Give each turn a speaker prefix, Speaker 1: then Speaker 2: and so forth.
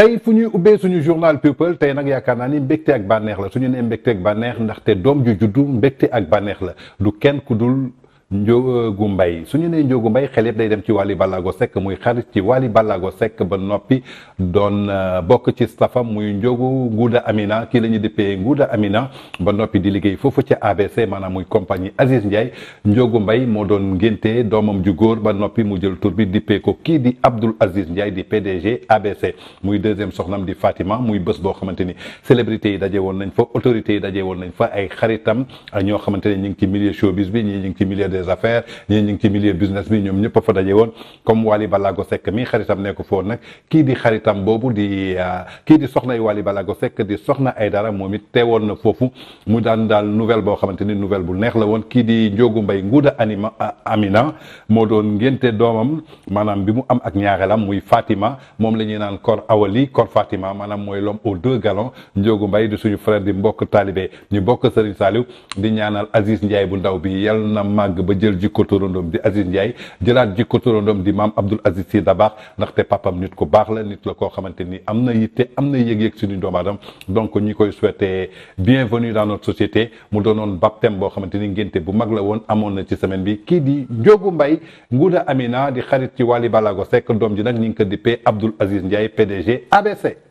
Speaker 1: tey fu ñuy ubbee suñu journal people tey nag yaakaar naa ni mbégte ak bànneex la suñu nee mbégte ak bànneex ndaxte doom ju juddu mbégte ak bànneex la du kenn ku dul Ndiogu euh, mbay su ñu nee Ndiogu mbay xel yëpp day dem ci Wally Ballago sekk muy xarit ci Wally Ballago Seck ba noppi doon euh, bokk ci stafam muy Ndiogu Nguuda Amina kii la ñu dippee Nguuda Amina ba noppi di liggéey foofu ci ABC maanaam muy compagnie Aziz Ndiaye Ndiogu mbay moo doon ngénte doomam ju góor ba noppi mu jël tur bi dippee ko kii di Abdoul Aziz Ndiaye di PDG ABC muy deuxième soxnam di Fatima muy bés boo xamante ni célébrité yi daje woon nañ fa autorités yi daje woon nañ fa ay xaritam ñoo xamante ñu ngi ci milieu ñu ngi ci milieu des affaires ñii ñu ngi ci milieu business bi ñoom ñëpp a fa daje woon comme Wally Ballago Seck mi xaritam nekk foofu nag kii di xaritam boobu di ah, kii di soxna yi Wally Ballago Seck di soxna ay dara moom it teewoon na foofu mu daan daal nouvelle boo xamante ni nouvelle bu neex la woon kii di Njóogu Mbay Nguuda anima Amina moo doon ngénte doomam maanaam bi mu am ak ñaareelam muy Fatima moom la ñuy naan Kor Awali Kor Fatima maanaam mooy l'homme aux deux galons Njóogu Mbay di suñu frère di mbokk taalibe ñu bokk Serigne Saliou ba jël jikko turandoom di Aziz Ndiaye jëlaat jikko turandoom di mam Abdoul Aziz Sy Dabakh ndaxte papam nit ko baax la nit la koo xamante ni am na yitte am na yëg-yëg suñu doom adam donc ñi koy souhaité bienvenue dans notre société mu doonoon baptême boo xamante ni ngénte bu mag la woon amoon na ci semaine bi kii di Ndiogu mbay Ngouda Amina di xarit ci wali Balago Seck doom ji nag ñi ngi ko dippee Abdoul Aziz Ndiaye PDG ABC